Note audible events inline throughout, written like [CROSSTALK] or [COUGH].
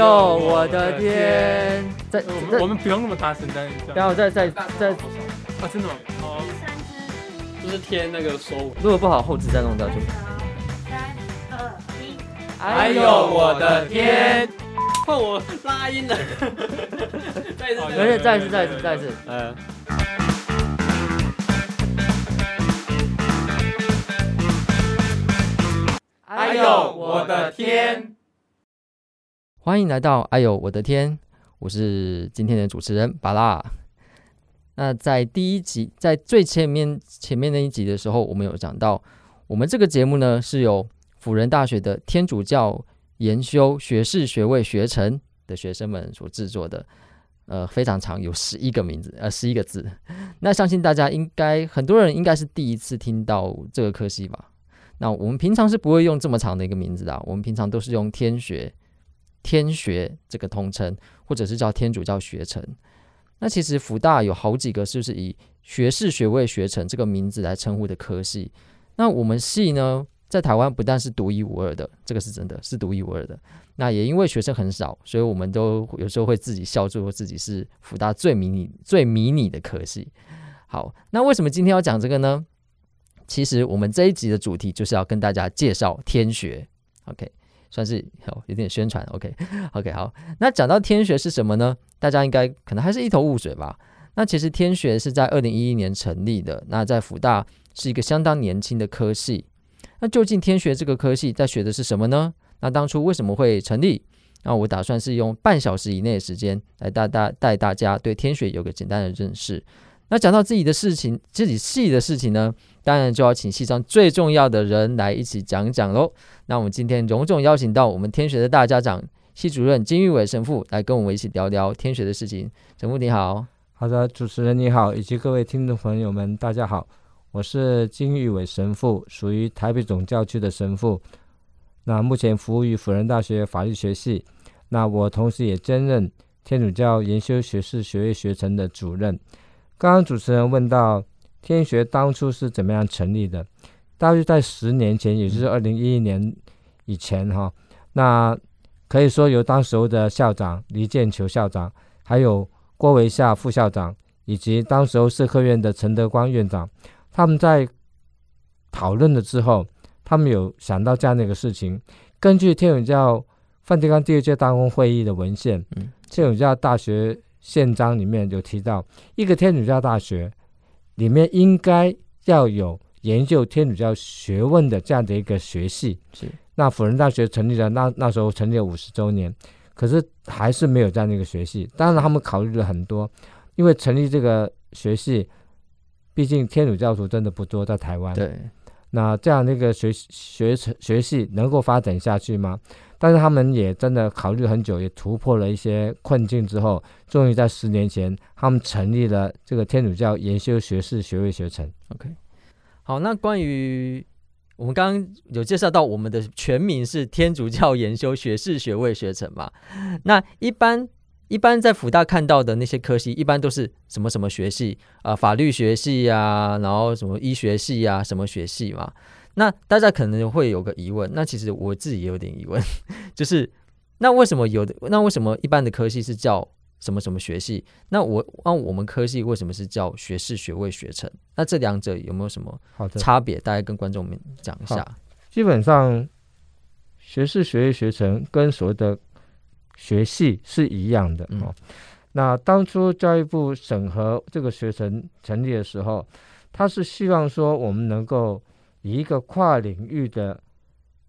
.喲，我的天！在，我們不用那麼大聲，再再再再再，啊，真的嗎？哦，就是天那個手，如果不好後製再弄掉就。三二一，哎呦，我的天！換我拉音了，哈哈，再一次，再一次，再一次，再一次，哎呦，我的天！歡迎來到唉唷，我的天！我是今天的主持人芭樂。那在第一集，在最前面前面那一集的時候，我們有講到，我們這個節目呢，是由輔仁大學的天主教研修學士學位學程的學生們所製作的。呃，非常長，有十一個名字，呃，十一個字。那相信大家應該很多人應該是第一次聽到這個科系吧？那我們平常是不會用這麼長的一個名字的啊，我們平常都是用天學。天學這個統稱，或者是叫天主教學程。那其實輔大有好幾個，是不是以學士學位學程這個名字來稱呼的科系？那我們系呢，在台灣不但是獨一無二的，這個是真的，是獨一無二的。那也因為學生很少，所以我們都有時候會自己笑著說自己是輔大最迷你、最迷你的科系。好，那為什麼今天要講這個呢？其實我們這一集的主題就是要跟大家介紹天學。OK。算是有有點宣傳，OK，OK、okay, okay, 好。那講到天學是什麼呢？大家應該可能還是一頭霧水吧。那其實天學是在二零一一年成立的，那在輔大是一個相當年輕的科系。那究竟天學這個科系在學的是什麼呢？那當初為什麼會成立？那我打算是用半小時以內的時間來帶帶大家對天學有個簡單的認識。那講到自己的事情，自己系的事情呢，當然就要請系上最重要的人來一起講一講嘍。那我們今天隆重邀請到我們天學的大家長、系主任金毓瑋神父來跟我們一起聊聊天學的事情。神父你好。好的，主持人你好，以及各位聽眾朋友們，大家好，我是金毓瑋神父，屬於台北總教區的神父。那目前服務於輔仁大學法律學系，那我同時也兼任天主教研修學士學位學程的主任。剛剛主持人問到。天學當初是怎麼樣成立的？大約在十年前，也就是二零一一年以前，哈、嗯哦，那可以說，由當時候的校長黎建球校長，還有郭維夏副校長，以及當時候社科院的陳德光院長，他們在討論了之後，他們有想到這樣的一個事情，根據天主教梵蒂岡第二屆大公會議的文獻，嗯《天主教大學憲章》裡面有提到，一個天主教大學。裡面應該要有研究天主教學問的這樣的一個學系，是。那輔仁大學成立了，那那時候成立了五十周年，可是還是沒有這樣的一個學系。當然，他們考慮了很多，因為成立這個學系，畢竟天主教徒真的不多，在台灣。對。那這樣那個學學學系能夠發展下去嗎？但是他們也真的考慮很久，也突破了一些困境之後，終於在十年前，他們成立了這個天主教研修學士學位學程。OK，好，那關於我們剛剛有介紹到，我們的全名是天主教研修學士學位學程嘛。那一般。一般在輔大看到的那些科系，一般都是什麼什麼學系啊、呃，法律學系啊，然後什麼醫學系啊，什麼學系嘛。那大家可能會有個疑問，那其實我自己也有點疑問，就是那為什麼有的那為什麼一般的科系是叫什麼什麼學系？那我那、啊、我們科系為什麼是叫學士學位學程？那這兩者有沒有什麼差別？好的，大家跟觀眾們講一下。基本上，學士學位學程跟所謂的。學系是一樣的哦。嗯、那當初教育部審核這個學程成立的時候，他是希望說我們能夠以一個跨領域的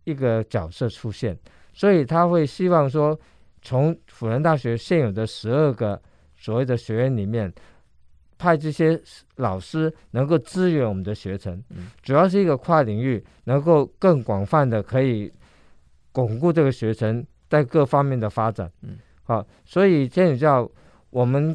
一個角色出現，所以他會希望說，從輔仁大學現有的十二個所謂的學院裡面，派這些老師能夠支援我們的學程，嗯、主要是一個跨領域，能夠更廣泛的可以鞏固這個學程。在各方面的發展，嗯，好、啊，所以天主教我們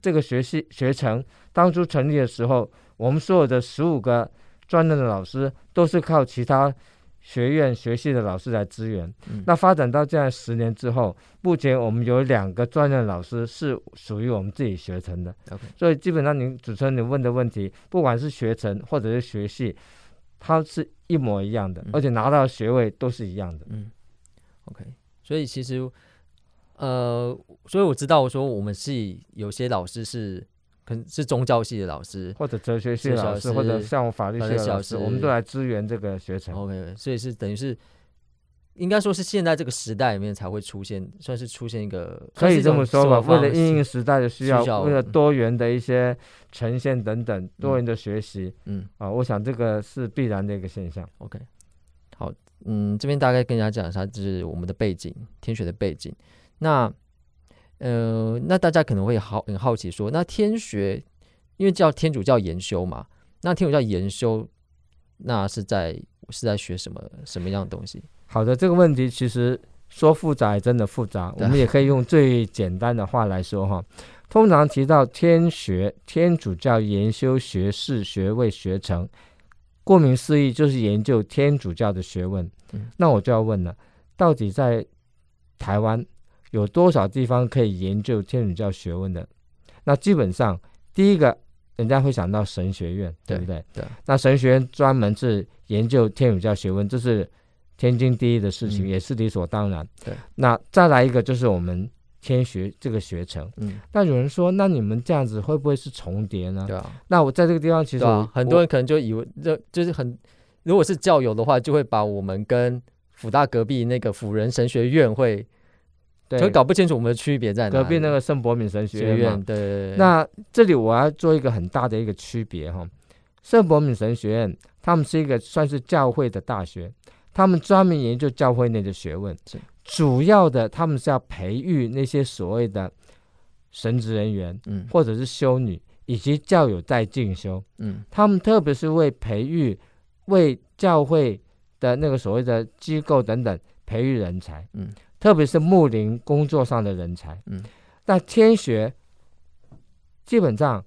這個學系學程當初成立的時候，我們所有的十五個專任的老師都是靠其他學院學系的老師來支援。嗯、那發展到現在十年之後，目前我們有兩個專任老師是屬於我們自己學程的。OK，所以基本上您主持人你問的問題，不管是學程或者是學系，它是一模一樣的，而且拿到的學位都是一樣的。嗯、嗯，OK。所以其實，呃，所以我知道，我說我們系有些老師是，可能是宗教系的老師，或者哲學系的老師，是或者像法律系的老師，老師是我們都來支援這個學程。OK，所以是等於是，應該說是現在這個時代裡面才會出現，算是出現一個可以這麼說吧。為了因應時代的需要，為了多元的一些呈現等等，嗯、多元的學習，嗯，啊，我想這個是必然的一個現象。OK，好。嗯，這邊大概跟大家講一下，它就是我們的背景天學的背景。那，呃，那大家可能會好很好奇說，那天學，因為叫天主教研修嘛，那天主教研修，那是在是在學什麼什麼樣的東西？好的，這個問題其實說複雜也真的複雜，對我們也可以用最簡單的話來說哈。通常提到天學，天主教研修學士學位學程。顧名思義，就是研究天主教的學問。嗯、那我就要問了，到底在台灣有多少地方可以研究天主教學問的？那基本上，第一個，人家會想到神學院，對，對不對？對。那神學院專門是研究天主教學問，這是天經地義的事情，嗯、也是理所當然。對。那再來一個，就是我們。天學這個學程，嗯，那有人說，那你們這樣子會不會是重疊呢？啊、嗯，那我在這個地方，其實、啊、我很多人可能就以為，這就，就是很，如果是教友的話，就會把我們跟福大隔壁那個輔仁神學院會，對會搞不清楚我們的區別在哪。隔壁那個聖博敏神學院，學院，對，對，對。那這裡我要做一個很大的一個區別哈，聖博敏神學院，他們是一個算是教會的大學。他們專門研究教會內的學問，是主要的。他們是要培育那些所謂的神職人員，嗯，或者是修女以及教友在進修，嗯，他們特別是為培育為教會的那個所謂的機構等等培育人才，嗯，特別是牧靈工作上的人才，嗯。但天學基本上，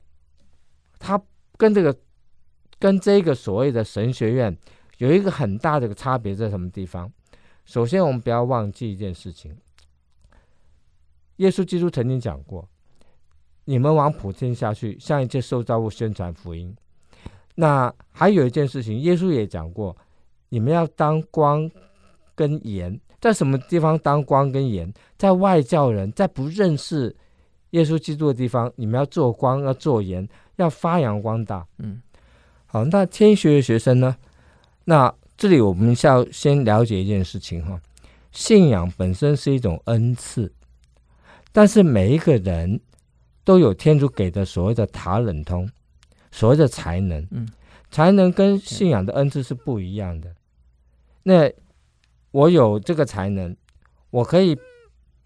他跟這個跟這個所謂的神學院。有一個很大的個差別在什麼地方？首先，我們不要忘記一件事情。耶穌基督曾經講過：“你們往普天下去，向一切受造物宣傳福音。”那還有一件事情，耶穌也講過：“你們要當光跟鹽，在什麼地方當光跟鹽？在外教人，在不認識耶穌基督的地方，你們要做光，要做鹽，要發揚光大。”嗯，好，那天學的學生呢？那這裡我們要先了解一件事情哈，信仰本身是一種恩賜，但是每一個人都有天主給的所謂的塔冷通，所謂的才能，嗯，才能跟信仰的恩賜是不一樣的。是那我有這個才能，我可以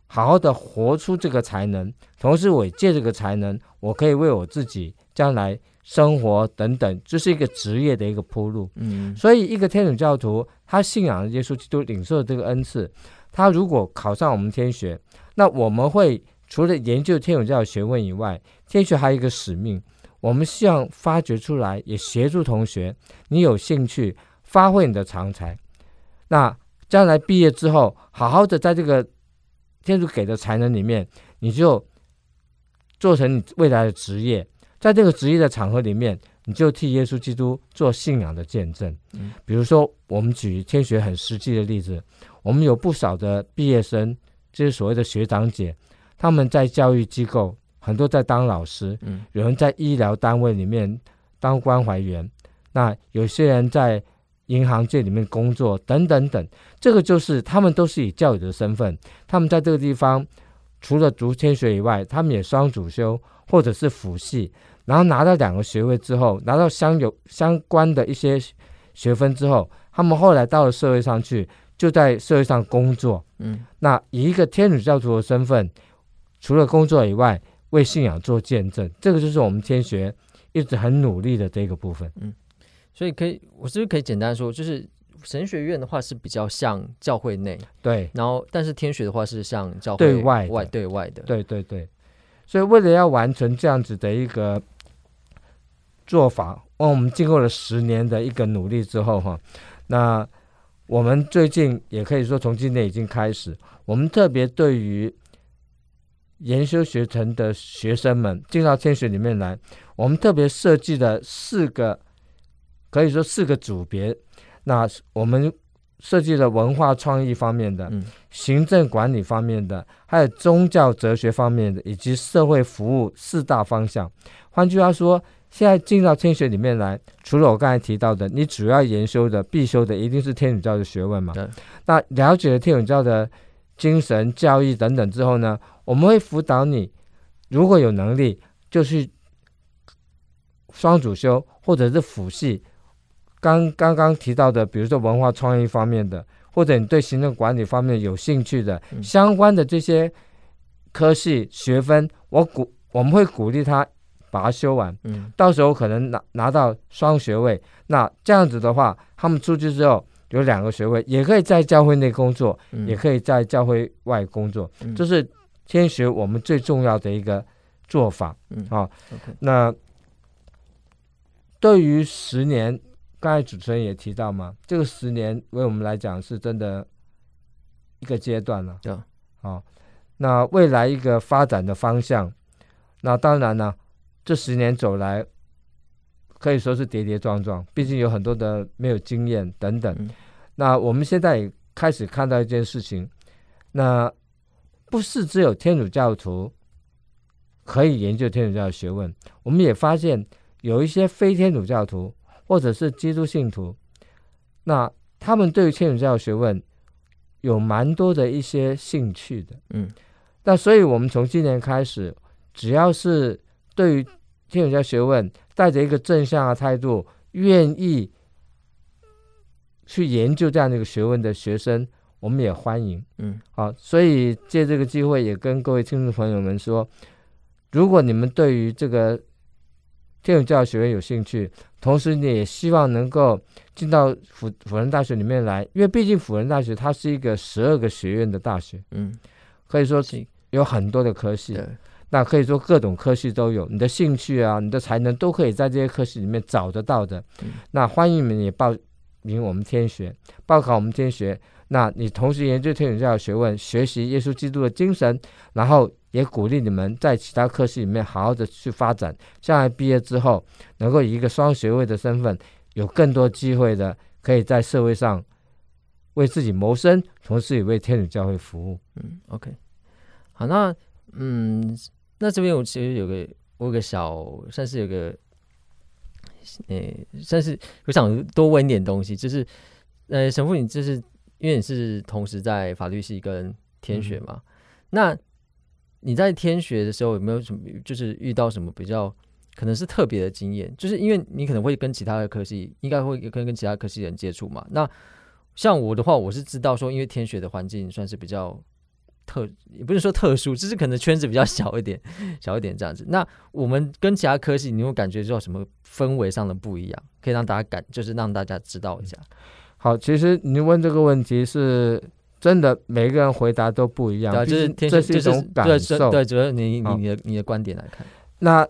好好的活出這個才能，同時我也借這個才能，我可以為我自己將來。生活等等，這，就是一個職業的一個鋪路。嗯，所以一個天主教徒，他信仰耶穌基督，領受的這個恩賜，他如果考上我們天學，那我們會除了研究天主教的學問以外，天學還有一個使命，我們希望發掘出來，也協助同學，你有興趣發揮你的長才，那將來畢業之後，好好的在這個天主給的才能裡面，你就做成你未來的職業。在這個職業的場合裡面，你就替耶穌基督做信仰的見證。嗯，比如說，我們舉天學很實際的例子，我們有不少的畢業生，這些所謂的學長姐，他們在教育機構，很多在當老師，嗯，有人在醫療單位裡面當關懷員，那有些人在銀行界裡面工作，等等等。這個就是他們都是以教友的身份，他們在這個地方除了讀天學以外，他們也雙主修或者是輔系。然後拿到兩個學位之後，拿到相有相關的一些學分之後，他們後來到了社會上去，就在社會上工作。嗯，那以一個天主教徒的身份，除了工作以外，為信仰做見證，這個就是我們天學一直很努力的這個部分。嗯，所以可以，我是不是可以簡單說，就是神學院的話是比較像教會內，對。然後，但是天學的話是像教會外對外、外對外的，對對對。所以，為了要完成這樣子的一個做法，哦，我們經過了十年的一個努力之後，哈，那我們最近也可以說，從今年已經開始，我們特別對於研修學程的學生們進到天學裡面來，我們特別設計了四個，可以說四個組別，那我們。設計了文化創意方面的、嗯、行政管理方面的、還有宗教哲學方面的，以及社會服務四大方向。換句話說，現在進到天學裡面來，除了我剛才提到的，你主要研修的必修的一定是天主教的學問嘛？對那了解了天主教的精神、教育等等之後呢，我們會輔導你，如果有能力就去雙主修或者是輔系。剛剛剛提到的，比如說文化創意方面的，或者你對行政管理方面有興趣的、嗯、相關的這些科系學分，我鼓我們會鼓勵他把它修完。嗯，到時候可能拿拿到雙學位。那這樣子的話，他們出去之後有兩個學位，也可以在教會內工作，嗯、也可以在教會外工作。這、嗯、是天學我們最重要的一個做法。嗯啊 Okay. 那對於十年。剛才主持人也提到嘛，這個十年為我們來講是真的一個階段了。對，啊，那未來一個發展的方向，那當然呢，這十年走來可以說是跌跌撞撞，畢竟有很多的沒有經驗等等。嗯。那我們現在也開始看到一件事情，那不是只有天主教徒可以研究天主教的學問，我們也發現有一些非天主教徒。或者是基督信徒，那他們對於天主教學問有蠻多的一些興趣的，嗯，那所以我們從今年開始，只要是對於天主教學問帶着一個正向的態度，願意去研究這樣的一個學問的學生，我們也歡迎，嗯，好，所以借這個機會也跟各位聽眾朋友們說，如果你們對於這個。天文教學院有興趣，同時你也希望能夠進到輔輔仁大學裡面來，因為畢竟輔仁大學它是一個十二個學院的大學，嗯，可以說是有很多的科系，對那可以說各種科系都有，你的興趣啊，你的才能都可以在這些科系裡面找得到的，嗯、那歡迎你們也報名我們天學，報考我們天學。那你同時研究天主教的學問，學習耶穌基督的精神，然後也鼓勵你們在其他科系裡面好好的去發展，將來畢業之後能夠以一個雙學位的身份，有更多機會的可以在社會上為自己謀生，同時也為天主教會服務。嗯，OK，好，那嗯，那這邊我其實有個，我有個小算是有個，誒、欸，算是我想多問一點東西，就是，呃、欸，神父，你這、就是。因為你是同時在法律系跟天學嘛，嗯。那你在天學的時候有沒有什麼，就是遇到什麼比較可能是特別的經驗？就是因為你可能會跟其他的科系，應該會跟跟其他科系人接觸嘛。那像我的話，我是知道說，因為天學的環境算是比較特，也不是說特殊，就是可能圈子比較小一點，小一點這樣子。那我們跟其他科系，你有，有感覺有什麼氛圍上的不一樣？可以讓大家感，就是讓大家知道一下。嗯。好，其實你問這個問題是真的，每個人回答都不一樣，啊、就是這是一種感受，就是對，主要你你你的好你的你的觀點來看。那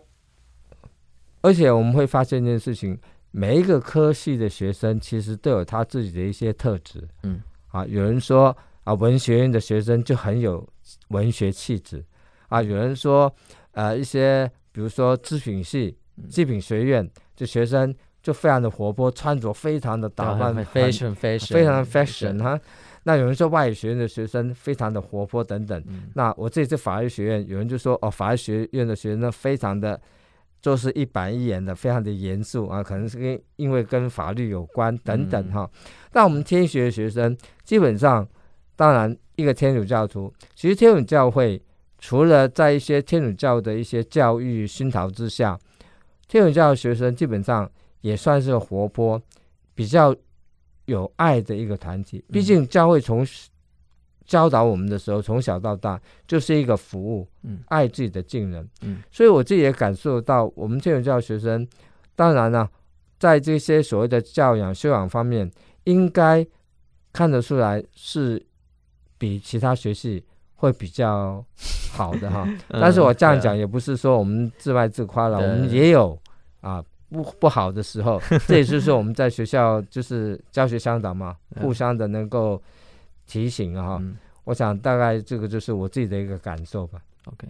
而且我們會發現一件事情，每一個科系的學生其實都有他自己的一些特質，嗯，啊，有人說啊、呃、文學院的學生就很有文學氣質，啊，有人說呃一些比如說織品系、織品學院這、嗯、學生。就非常的活潑，穿着非常的打扮，非常 fashion，非常 fashion 哈。那有人說外語學院的學生非常的活潑等等。嗯、那我這裡是法律學院，有人就說哦，法律學院的學生非常的就是一板一眼的，非常的嚴肅啊，可能是跟因為跟法律有關等等哈。嗯、那我們天學的學生基本上，當然一個天主教徒，其實天主教會除了在一些天主教的一些教育熏陶之下，天主教的學生基本上。也算是活潑，比較有愛的一個團體。畢竟教會從教導我們的時候，從、嗯、小到大就是一個服務，嗯，愛自己的近人，嗯。所以我自己也感受到，我們天主教學生，當然呢，啊，在這些所謂的教養、修養方面，應該看得出來是比其他學系會比較好的哈。 [LAUGHS] 嗯，但是我這樣講，嗯、也不是說我們自賣自誇了，對我們也有啊。不不好的時候， [LAUGHS] 這也就是我們在學校就是教學相長嘛， [LAUGHS] 互相的能夠提醒啊。嗯、我想大概這個就是我自己的一個感受吧。OK，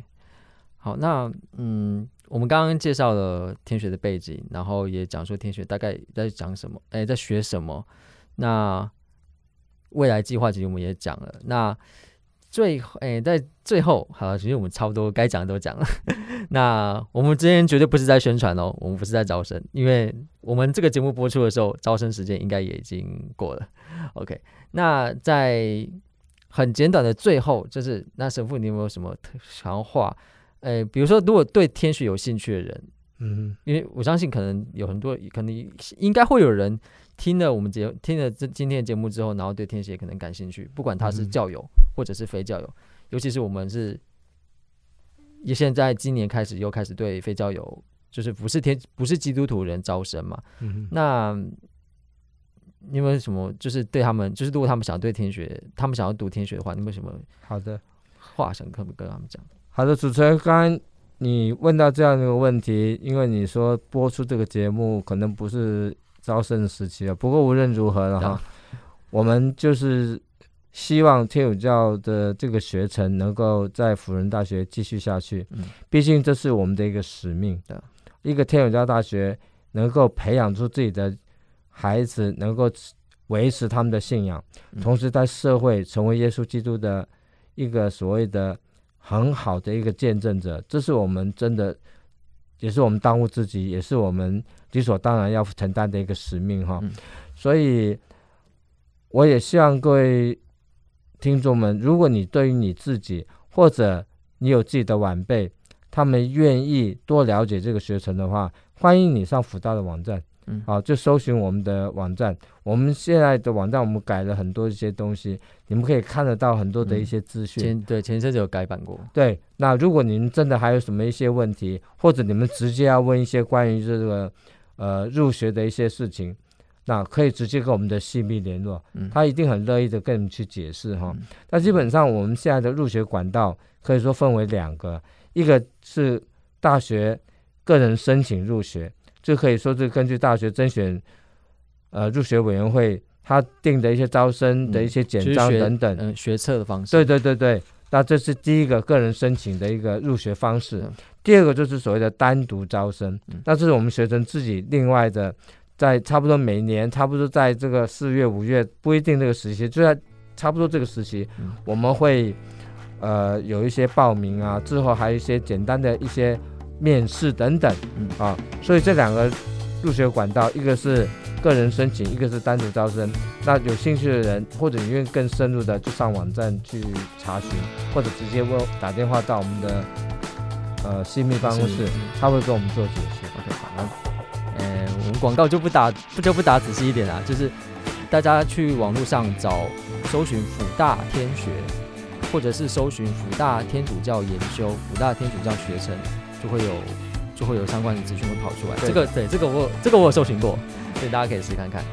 好，那嗯，我們剛剛介紹了天學的背景，然後也講說天學大概在講什麼，哎，在學什麼。那未來計劃其實我們也講了。那最誒，在最後，好，其實我們差不多該講的都講了。 [LAUGHS] 那我們今天絕對不是在宣傳哦，我們不是在招生，因為我們這個節目播出的時候，招生時間應該也已經過了。OK，那在很簡短的最後，就是那神父，你有沒有什麼強化？誒，比如說，如果對天學有興趣的人。嗯，因為我相信，可能有很多，可能應該會有人聽了我們節，聽了這今天的節目之後，然後對天學可能感興趣，不管他是教友或者是非教友，嗯、哼尤其是我們是，也現在今年開始又開始對非教友，就是不是天不是基督徒人招生嘛。嗯哼，那因為什麼？就是對他們，就是如果他們想對天學，他們想要讀天學的話，你為什麼好的話想跟跟他們講？好的，好的主持人剛剛你問到這樣一個問題，因為你說播出這個節目可能不是招生時期了。不過無論如何了哈，Yeah. 我們就是希望天主教的這個學程能夠在輔仁大學繼續下去。嗯，畢竟這是我們的一個使命。的 Yeah. 一個天主教大學能夠培養出自己的孩子，能夠維持他們的信仰，嗯、同時在社會成為耶穌基督的一個所謂的。很好的一個見證者，這是我們真的，也是我們當務之急，也是我們理所當然要承擔的一個使命哈。嗯、所以，我也希望各位聽眾們，如果你對於你自己，或者你有自己的晚輩。他們願意多了解這個學程的話，歡迎你上輔大的網站，嗯，好、啊，就搜尋我們的網站。我們現在的網站我們改了很多一些東西，你們可以看得到很多的一些資訊。嗯、前對前些就有改版過。對，那如果您真的還有什麼一些問題，或者你們直接要問一些關於這個呃入學的一些事情，那可以直接跟我們的系秘聯絡，嗯，他一定很樂意的跟你們去解釋哈。嗯、那基本上我們現在的入學管道可以說分為兩個。一個是大學個人申請入學，這可以說是根據大學甄選，呃，入學委員會他定的一些招生的一些簡章等等，嗯學、呃，學測的方式。對對對對，那這是第一個個人申請的一個入學方式。嗯、第二個就是所謂的單獨招生，嗯、那這是我們學生自己另外的，在差不多每年，差不多在這個四月五月，不一定這個時期，就在差不多這個時期，嗯、我們會。呃，有一些報名啊，之後還有一些簡單的一些面試等等，嗯、啊，所以這兩個入學管道，一個是個人申請，一個是單獨招生。那有興趣的人或者你願意更深入的，就上網站去查詢，或者直接問打電話到我們的呃系祕辦公室，嗯是是嗯、他會跟我們做解釋。好、okay, 的，嗯、呃，我們廣告就不打，不就不打仔細一點了、啊，就是大家去網絡上找搜尋輔大天學。或者是搜尋輔大天主教研修、輔大天主教學程，就會有就會有相關的資訊會跑出來。對對對這個對，這個我有這個我有搜尋過，所以大家可以試看看。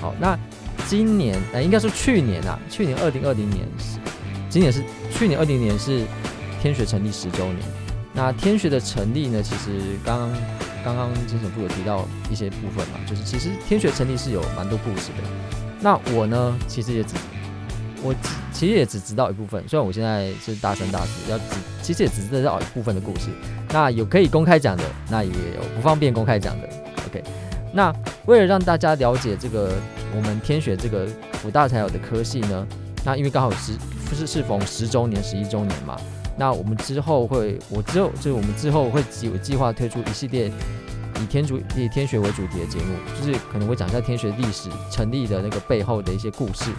好，那今年呃，應該是去年啊，去年二零二零年是，今年是去年二零年是天學成立十周年。那天學的成立呢，其實剛剛剛剛金神父有提到一些部分嘛，就是其實天學成立是有蠻多故事的。那我呢，其實也只。我其實也只知道一部分，雖然我現在是大三大四，要只其實也只知道一部分的故事。那有可以公開講的，那也有不方便公開講的。OK，那為了讓大家了解這個我們天學這個輔大才有的科系呢，那因為剛好是是是逢十周年、十一周年嘛，那我們之後會，我之後就是我們之後會有計劃推出一系列以天主以天學為主題的節目，就是可能會講一下天學歷史成立的那個背後的一些故事。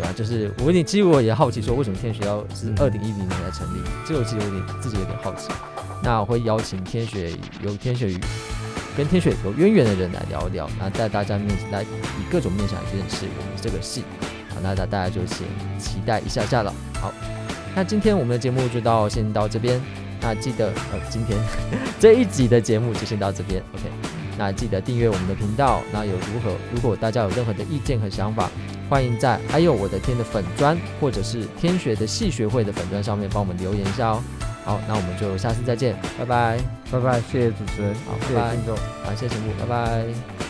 對吧、啊？就是我，你其實我也好奇，說為什麼天學要是二零一零年才成立？嗯、這個其實我自己有點，自己有點好奇。那我會邀請天學由天學與跟天學有淵源的人來聊一聊，那在大家面前來以各種面向來認識我們這個系。好，那大大家就先期待一下下了。好，那今天我們的節目就到先到這邊，那記得呃，今天呵呵這一集的節目就先到這邊，OK。那記得訂閱我們的頻道，那有如何？如果大家有任何的意見和想法，歡迎在“唉唷我的天”的粉專，或者是“天學的系學會”的粉專上面幫我們留言一下哦。好，那我們就下次再見，拜拜，拜拜，謝謝主持人，嗯、好，拜拜謝謝聽眾，感、啊、謝辛苦拜拜。